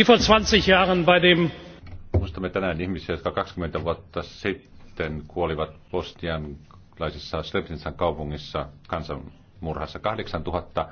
die vor zwanzig jahren bei dem Muistamme tänään ihmisiä, jotka 20 vuotta sitten kuolivat bosnialaisessa Srebrenican kaupungissa kansanmurhassa. 8000